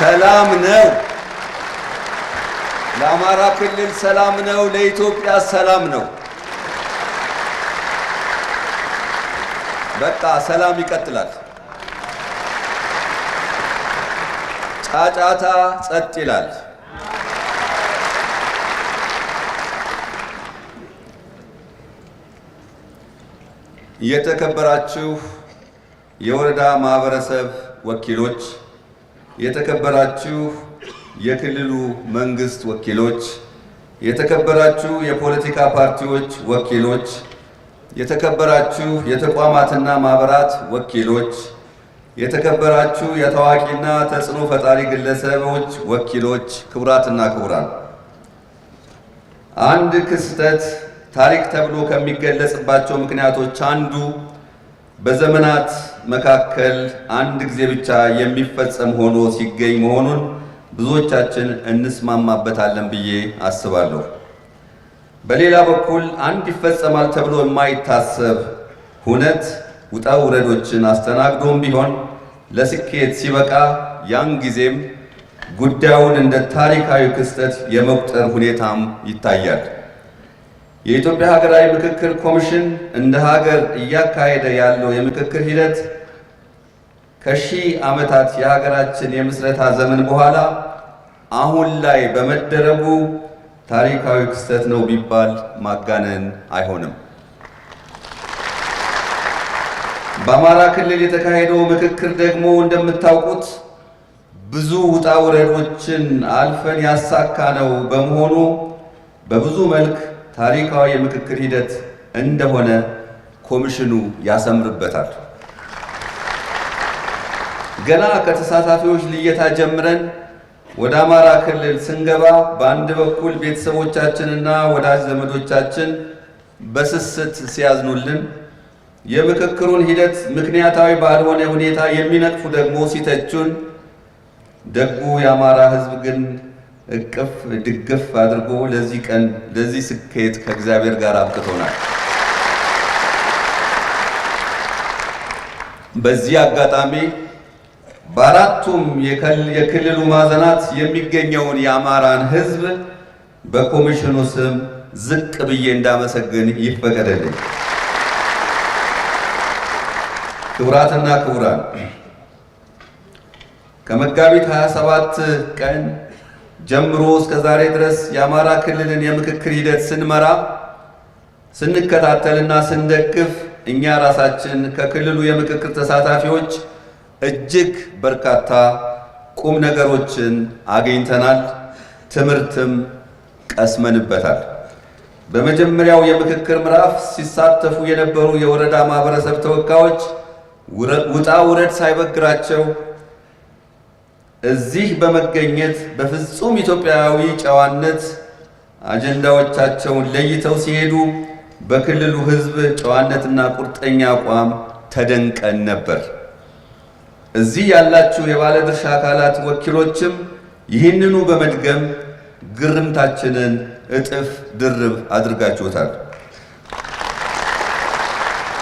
ሰላም ነው። ለአማራ ክልል ሰላም ነው። ለኢትዮጵያ ሰላም ነው። በቃ ሰላም ይቀጥላል። ጫጫታ ጸጥ ይላል። የተከበራችሁ የወረዳ ማህበረሰብ ወኪሎች የተከበራችሁ የክልሉ መንግስት ወኪሎች፣ የተከበራችሁ የፖለቲካ ፓርቲዎች ወኪሎች፣ የተከበራችሁ የተቋማትና ማህበራት ወኪሎች፣ የተከበራችሁ የታዋቂና ተጽዕኖ ፈጣሪ ግለሰቦች ወኪሎች፣ ክቡራትና ክቡራን አንድ ክስተት ታሪክ ተብሎ ከሚገለጽባቸው ምክንያቶች አንዱ በዘመናት መካከል አንድ ጊዜ ብቻ የሚፈጸም ሆኖ ሲገኝ መሆኑን ብዙዎቻችን እንስማማበታለን ብዬ አስባለሁ። በሌላ በኩል አንድ ይፈጸማል ተብሎ የማይታሰብ ሁነት ውጣ ውረዶችን አስተናግዶም ቢሆን ለስኬት ሲበቃ ያን ጊዜም ጉዳዩን እንደ ታሪካዊ ክስተት የመቁጠር ሁኔታም ይታያል። የኢትዮጵያ ሀገራዊ ምክክር ኮሚሽን እንደ ሀገር እያካሄደ ያለው የምክክር ሂደት ከሺህ ዓመታት የሀገራችን የምስረታ ዘመን በኋላ አሁን ላይ በመደረጉ ታሪካዊ ክስተት ነው ቢባል ማጋነን አይሆንም። በአማራ ክልል የተካሄደው ምክክር ደግሞ እንደምታውቁት ብዙ ውጣ ውረዶችን አልፈን ያሳካ ነው በመሆኑ በብዙ መልክ ታሪካዊ የምክክር ሂደት እንደሆነ ኮሚሽኑ ያሰምርበታል። ገና ከተሳታፊዎች ልየታ ጀምረን ወደ አማራ ክልል ስንገባ በአንድ በኩል ቤተሰቦቻችንና ወዳጅ ዘመዶቻችን በስስት ሲያዝኑልን፣ የምክክሩን ሂደት ምክንያታዊ ባልሆነ ሁኔታ የሚነቅፉ ደግሞ ሲተቹን፣ ደጉ የአማራ ሕዝብ ግን እቅፍ ድግፍ አድርጎ ለዚህ ቀን ለዚህ ስኬት ከእግዚአብሔር ጋር አብቅቶናል። በዚህ አጋጣሚ በአራቱም የክልሉ ማዕዘናት የሚገኘውን የአማራን ሕዝብ በኮሚሽኑ ስም ዝቅ ብዬ እንዳመሰግን ይፈቀደልኝ። ክቡራትና ክቡራን ከመጋቢት 27 ቀን ጀምሮ እስከ ዛሬ ድረስ የአማራ ክልልን የምክክር ሂደት ስንመራ ስንከታተልና ስንደግፍ እኛ ራሳችን ከክልሉ የምክክር ተሳታፊዎች እጅግ በርካታ ቁም ነገሮችን አግኝተናል፣ ትምህርትም ቀስመንበታል። በመጀመሪያው የምክክር ምዕራፍ ሲሳተፉ የነበሩ የወረዳ ማህበረሰብ ተወካዮች ውጣ ውረድ ሳይበግራቸው እዚህ በመገኘት በፍጹም ኢትዮጵያዊ ጨዋነት አጀንዳዎቻቸውን ለይተው ሲሄዱ በክልሉ ሕዝብ ጨዋነትና ቁርጠኛ አቋም ተደንቀን ነበር። እዚህ ያላችሁ የባለድርሻ አካላት ወኪሎችም ይህንኑ በመድገም ግርምታችንን እጥፍ ድርብ አድርጋችሁታል።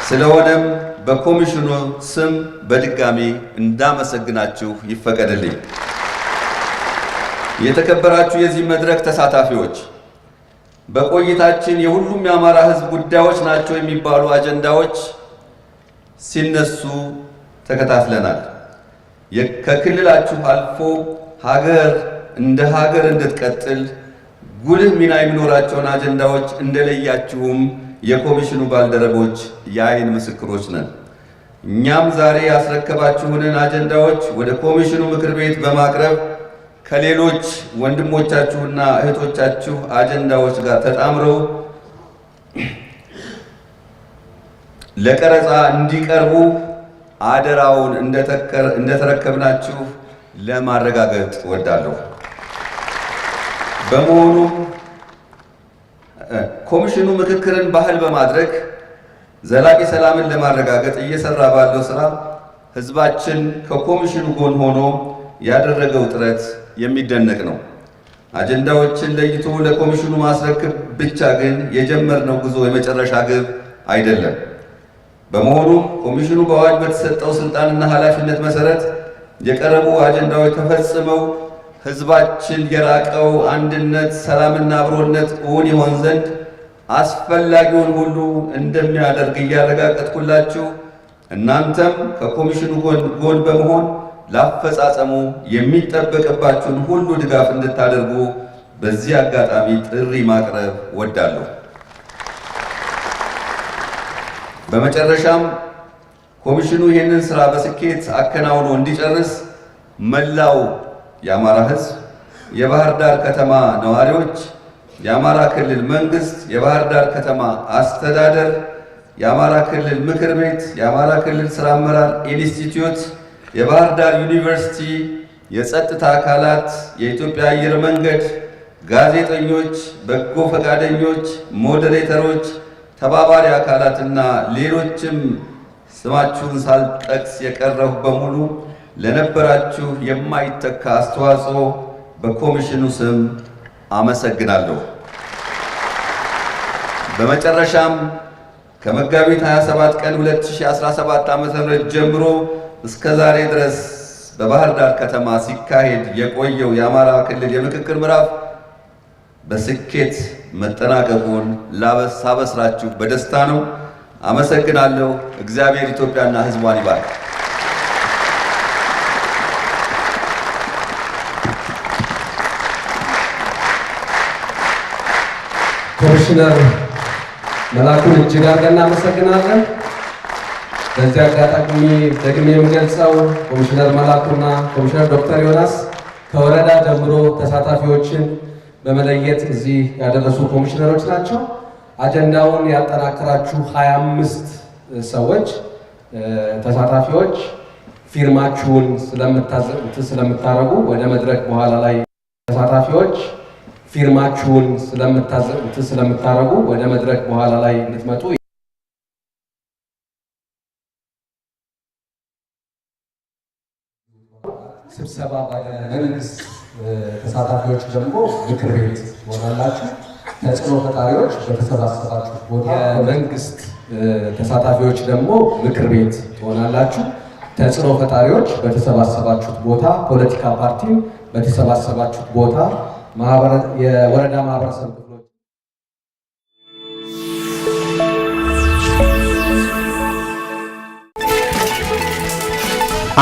ስለሆነም በኮሚሽኑ ስም በድጋሚ እንዳመሰግናችሁ ይፈቀድልኝ። የተከበራችሁ የዚህ መድረክ ተሳታፊዎች በቆይታችን የሁሉም የአማራ ሕዝብ ጉዳዮች ናቸው የሚባሉ አጀንዳዎች ሲነሱ ተከታትለናል። ከክልላችሁ አልፎ ሀገር እንደ ሀገር እንድትቀጥል ጉልህ ሚና የሚኖራቸውን አጀንዳዎች እንደለያችሁም የኮሚሽኑ ባልደረቦች የአይን ምስክሮች ነን። እኛም ዛሬ ያስረከባችሁንን አጀንዳዎች ወደ ኮሚሽኑ ምክር ቤት በማቅረብ ከሌሎች ወንድሞቻችሁና እህቶቻችሁ አጀንዳዎች ጋር ተጣምረው ለቀረጻ እንዲቀርቡ አደራውን እንደተረከብናችሁ ለማረጋገጥ ወዳለሁ። በመሆኑም ኮሚሽኑ ምክክርን ባህል በማድረግ ዘላቂ ሰላምን ለማረጋገጥ እየሰራ ባለው ስራ ህዝባችን ከኮሚሽኑ ጎን ሆኖ ያደረገው ጥረት የሚደነቅ ነው። አጀንዳዎችን ለይቶ ለኮሚሽኑ ማስረክብ ብቻ ግን የጀመርነው ጉዞ የመጨረሻ ግብ አይደለም። በመሆኑም ኮሚሽኑ በአዋጅ በተሰጠው ስልጣንና ኃላፊነት መሰረት የቀረቡ አጀንዳዎች ተፈጽመው ህዝባችን የራቀው አንድነት፣ ሰላምና አብሮነት እውን ይሆን ዘንድ አስፈላጊውን ሁሉ እንደሚያደርግ እያረጋገጥኩላችሁ እናንተም ከኮሚሽኑ ጎን በመሆን ላፈጻጸሙ የሚጠበቅባችሁን ሁሉ ድጋፍ እንድታደርጉ በዚህ አጋጣሚ ጥሪ ማቅረብ ወዳለሁ። በመጨረሻም ኮሚሽኑ ይህንን ስራ በስኬት አከናውኖ እንዲጨርስ መላው የአማራ ህዝብ፣ የባህር ዳር ከተማ ነዋሪዎች፣ የአማራ ክልል መንግስት፣ የባህር ዳር ከተማ አስተዳደር፣ የአማራ ክልል ምክር ቤት፣ የአማራ ክልል ስራ አመራር ኢንስቲትዩት፣ የባህር ዳር ዩኒቨርሲቲ፣ የጸጥታ አካላት፣ የኢትዮጵያ አየር መንገድ፣ ጋዜጠኞች፣ በጎ ፈቃደኞች፣ ሞዴሬተሮች፣ ተባባሪ አካላት እና ሌሎችም ስማችሁን ሳልጠቅስ የቀረሁ በሙሉ ለነበራችሁ የማይተካ አስተዋጽኦ በኮሚሽኑ ስም አመሰግናለሁ። በመጨረሻም ከመጋቢት 27 ቀን 2017 ም ጀምሮ እስከ ዛሬ ድረስ በባህር ዳር ከተማ ሲካሄድ የቆየው የአማራ ክልል የምክክር ምዕራፍ በስኬት መጠናቀቁን ሳበስራችሁ በደስታ ነው። አመሰግናለሁ። እግዚአብሔር ኢትዮጵያና ሕዝቧን ይባርክ። ኮሚሽነር መላኩን እጅግ አድርገን እናመሰግናለን። በዚህ አጋጣሚ ደግሜ የምገልጸው ኮሚሽነር መላኩና ኮሚሽነር ዶክተር ዮናስ ከወረዳ ጀምሮ ተሳታፊዎችን በመለየት እዚህ ያደረሱ ኮሚሽነሮች ናቸው። አጀንዳውን ያጠናከራችሁ ሀያ አምስት ሰዎች ተሳታፊዎች ፊርማችሁን ስለምታረጉ ወደ መድረክ በኋላ ላይ ተሳታፊዎች ፊርማችሁን ስለምታረጉ ወደ መድረክ በኋላ ላይ እንድትመጡ ስብሰባ መንግስት ተሳታፊዎች ጀምሮ ምክር ቤት ሆናላችሁ ተጽዕኖ ፈጣሪዎች በተሰባሰባችሁ ቦታ የመንግስት ተሳታፊዎች ደግሞ ምክር ቤት ትሆናላችሁ። ተጽዕኖ ፈጣሪዎች በተሰባሰባችሁት ቦታ፣ ፖለቲካ ፓርቲም በተሰባሰባችሁት ቦታ የወረዳ ማህበረሰብ ክፍሎች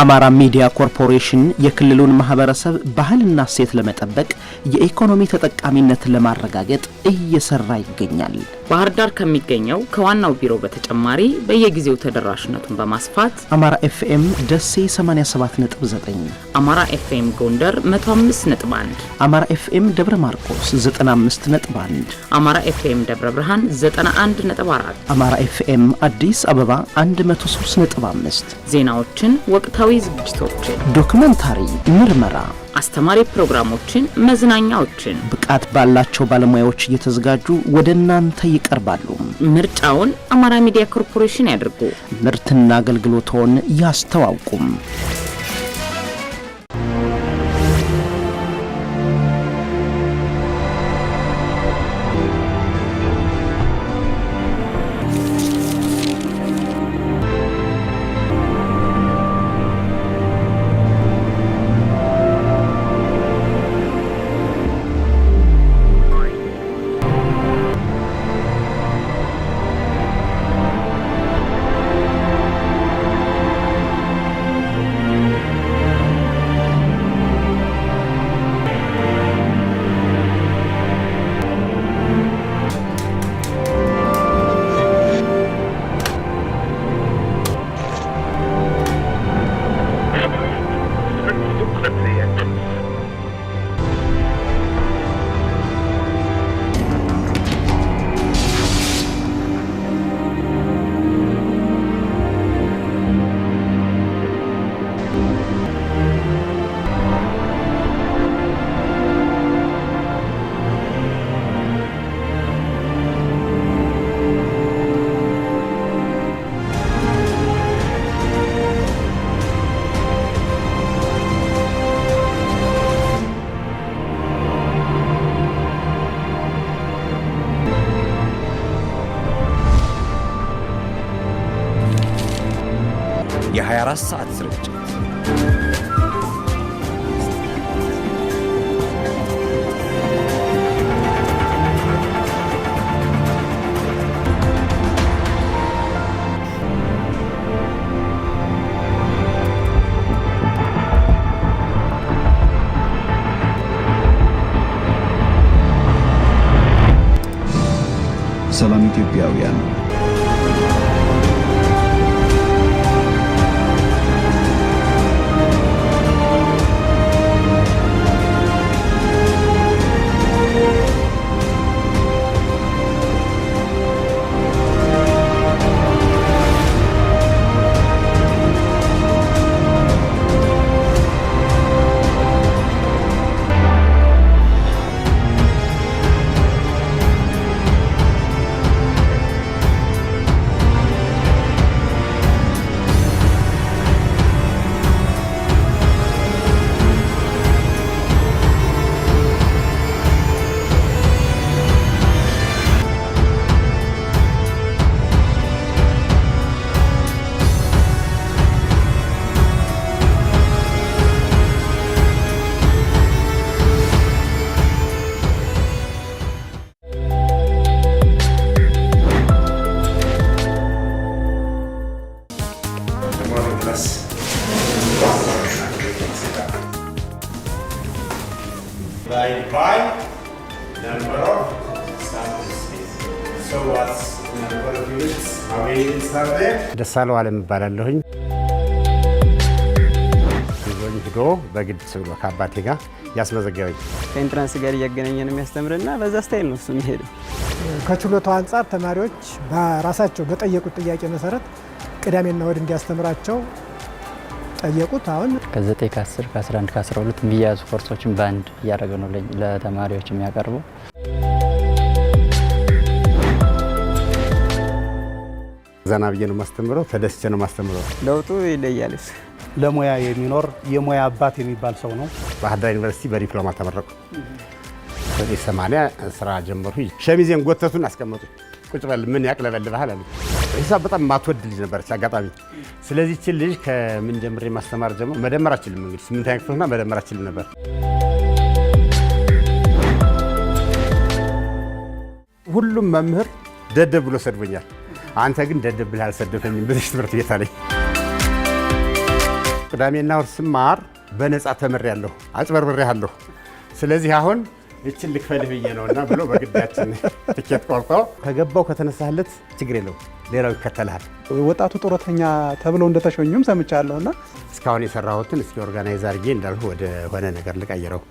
አማራ ሚዲያ ኮርፖሬሽን የክልሉን ማህበረሰብ ባህልና እሴት ለመጠበቅ የኢኮኖሚ ተጠቃሚነትን ለማረጋገጥ እየሰራ ይገኛል። ባህር ዳር ከሚገኘው ከዋናው ቢሮ በተጨማሪ በየጊዜው ተደራሽነቱን በማስፋት አማራ ኤፍኤም ደሴ 87.9፣ አማራ ኤፍኤም ጎንደር 105.1፣ አማራ ኤፍኤም ደብረ ማርቆስ 95.1፣ አማራ ኤፍኤም ደብረ ብርሃን 91.4፣ አማራ ኤፍኤም አዲስ አበባ 135 ዜናዎችን፣ ወቅታዊ ዝግጅቶችን፣ ዶክመንታሪ፣ ምርመራ አስተማሪ ፕሮግራሞችን፣ መዝናኛዎችን ብቃት ባላቸው ባለሙያዎች እየተዘጋጁ ወደ እናንተ ይቀርባሉ። ምርጫውን አማራ ሚዲያ ኮርፖሬሽን ያድርጉ። ምርትና አገልግሎትዎን ያስተዋውቁም። አራት ሰዓት ስርጭት Salam Etiopiawian. by number of statistics. So what's the number of units? How many units are there? ደሳለው አለም እባላለሁኝ። ይዞኝ ሂዶ በግድ ብሎ ከአባቴ ጋር ያስመዘገበኝ ከኢንትራንስ ጋር እያገናኘን የሚያስተምርና በዛ ስታይል ነው እሱ የሚሄደው። ከችሎታው አንጻር ተማሪዎች በራሳቸው በጠየቁት ጥያቄ መሰረት ቅዳሜና እሁድ እንዲያስተምራቸው ጠየቁት። አሁን ከ9 ከ10 ከ11 ከ12 የሚያዙ ኮርሶችን በአንድ እያደረገ ነው ለተማሪዎች የሚያቀርበው። ዘና ብዬ ነው ማስተምረው፣ ተደስቼ ነው ማስተምረው። ለውጡ ይለያል። ለሙያ የሚኖር የሙያ አባት የሚባል ሰው ነው። ባህር ዳር ዩኒቨርሲቲ በዲፕሎማ ተመረቁ። ሰማንያ ስራ ጀመሩ። ሸሚዜን ጎተቱን አስቀመጡ። ቁጭ በል ምን ባህል። አሉ ሂሳብ በጣም ማትወድ ልጅ ነበረች አጋጣሚ። ስለዚህ ችን ልጅ ከምን ጀምሬ ማስተማር ጀምሮ መደመር አችልም እንግዲህ ስምንተኛ ክፍል ሆና መደመር አችልም ነበር። ሁሉም መምህር ደደብ ብሎ ሰድቦኛል። አንተ ግን ደደብ ብለህ አልሰደፈኝም ብለሽ ትምህርት ቤት አለኝ። ቅዳሜና እሑድ ስማር በነፃ ተምሬያለሁ፣ አጭበርብሬያለሁ። ስለዚህ አሁን ትልቅ ልክፈልህ ብዬ ነው እና ብሎ በግዳችን ትኬት ቆርጦ ከገባው ከተነሳለት ችግር የለው፣ ሌላው ይከተልሃል። ወጣቱ ጡረተኛ ተብለው እንደተሸኙም እና እስካሁን የሰራሁትን እስኪ ኦርጋናይዝ አድርጌ እንዳልሁ ወደ ሆነ ነገር ልቀይረው።